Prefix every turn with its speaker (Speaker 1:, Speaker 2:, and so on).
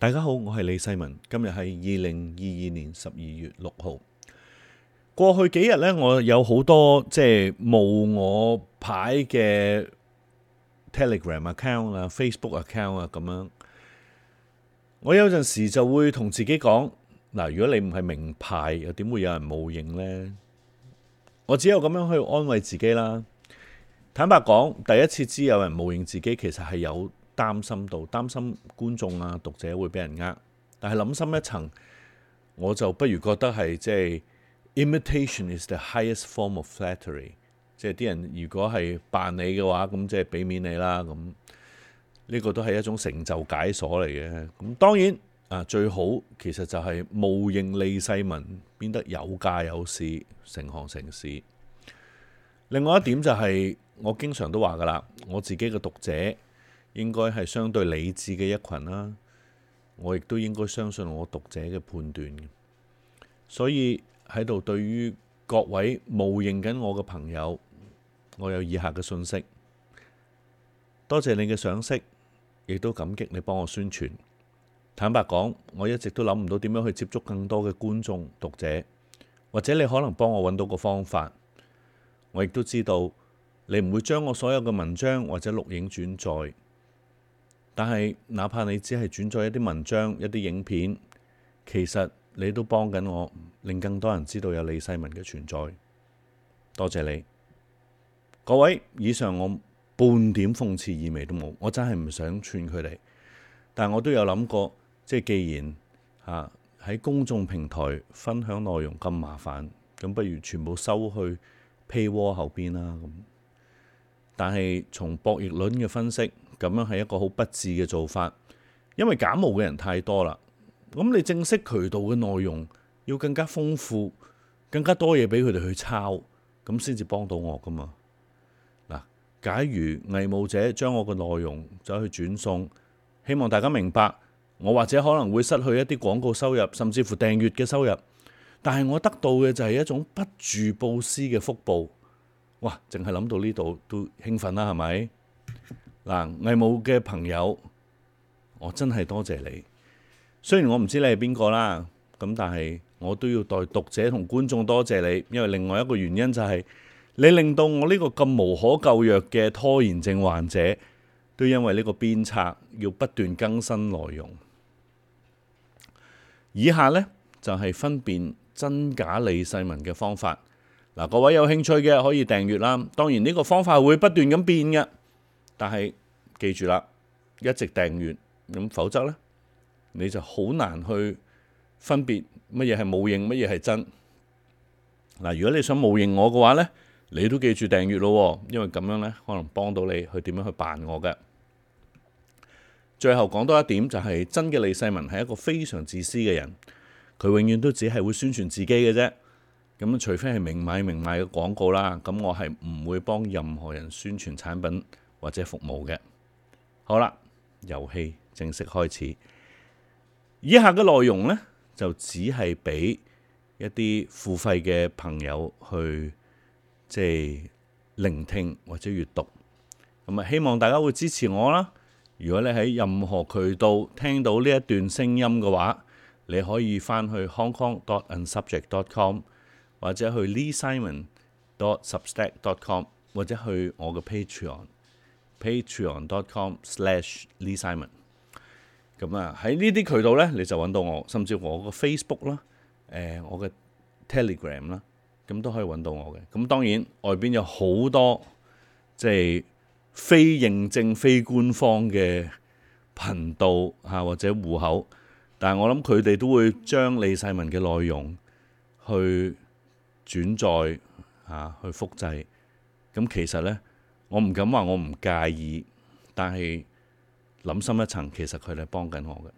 Speaker 1: 大家好，我係李世民。今天是年12月6日係二零二二年十二月六號。過去幾日咧，我有好多即係冒我牌嘅 Telegram account Facebook account 啊咁樣。我有陣時就會同自己講嗱，如果你唔係名牌，又點會有人冒認呢？我只有咁樣去安慰自己啦。坦白講，第一次知有人冒認自己，其實係有。擔心到擔心觀眾啊、讀者會俾人呃，但係諗深一層，我就不如覺得係即係 Imitation is the highest form of flattery，即係啲人如果係扮你嘅話，咁即係俾面你啦。咁呢個都係一種成就解鎖嚟嘅。咁當然啊，最好其實就係無形利世民變得有價有市、成行成市。另外一點就係我經常都話噶啦，我自己嘅讀者，應該係相對理智嘅一群啦，啊，我亦都應該相信我讀者嘅判斷。所以喺度對於各位冒認緊我嘅朋友，我有以下嘅信息。多謝你嘅賞識，亦都感激你幫我宣傳。坦白講，我一直都諗唔到點樣去接觸更多嘅觀眾讀者，或者你可能幫我揾到個方法。我亦都知道你唔會將我所有嘅文章或者錄影轉載。但係，哪怕你只係轉載一啲文章，一啲影片，其實你都幫緊我，令更多人知道有李世民嘅存在。多謝你，各位。以上我半點諷刺意味都冇，我真係唔想串佢哋。但係我都有諗過，即係既然嚇喺公眾平台分享內容咁麻煩，咁不如全部收去 paywall 後邊啦。咁，但係從博弈論嘅分析。咁樣係一個好不智嘅做法，因為假冒嘅人太多啦。咁你正式渠道嘅內容要更加豐富，更加多嘢俾佢哋去抄，咁先至幫到我㗎嘛。嗱，假如偽冒者將我嘅內容走去轉送，希望大家明白，我或者可能會失去一啲廣告收入，甚至乎訂閱嘅收入。但係我得到嘅就係一種不住布施嘅福報。哇！淨係諗到呢度都興奮啦，係咪？嗱，藝武嘅朋友，我真係多謝你。雖然我唔知你係邊個啦，咁但係我都要代讀者同觀眾多謝你，因為另外一個原因就係你令到我呢個咁無可救藥嘅拖延症患者，都因為呢個鞭策要不斷更新內容。以下呢就係分辨真假李世民嘅方法。嗱，各位有興趣嘅可以訂閱啦。當然呢個方法會不斷咁變嘅。但係記住啦，一直訂閱咁，否則呢，你就好難去分別乜嘢係冒認，乜嘢係真嗱。如果你想冒認我嘅話呢，你都記住訂閱咯，因為咁樣呢，可能幫到你去點樣去扮我嘅。最後講多一點就係、是、真嘅李世民係一個非常自私嘅人，佢永遠都只係會宣傳自己嘅啫。咁除非係明買明賣嘅廣告啦，咁我係唔會幫任何人宣傳產品。或者服務嘅好啦，遊戲正式開始。以下嘅內容呢，就只係俾一啲付費嘅朋友去即係、就是、聆聽或者閱讀。咁啊，希望大家會支持我啦。如果你喺任何渠道聽到呢一段聲音嘅話，你可以翻去 h o n g k o n d o t s u b j e c t d o t c o m 或者去 LeeSimon.substack.com 或者去我嘅 Patreon。Patreon.com/slash LeSimon，咁啊，喺呢啲渠道咧，你就揾到我，甚至乎我個 Facebook 啦、呃，誒我嘅 Telegram 啦，咁都可以揾到我嘅。咁當然外邊有好多即係、就是、非認證、非官方嘅頻道啊，或者戶口，但係我諗佢哋都會將李世民嘅內容去轉載啊，去複製。咁其實咧。我唔敢話我唔介意，但係諗深一層，其實佢哋係幫緊我嘅。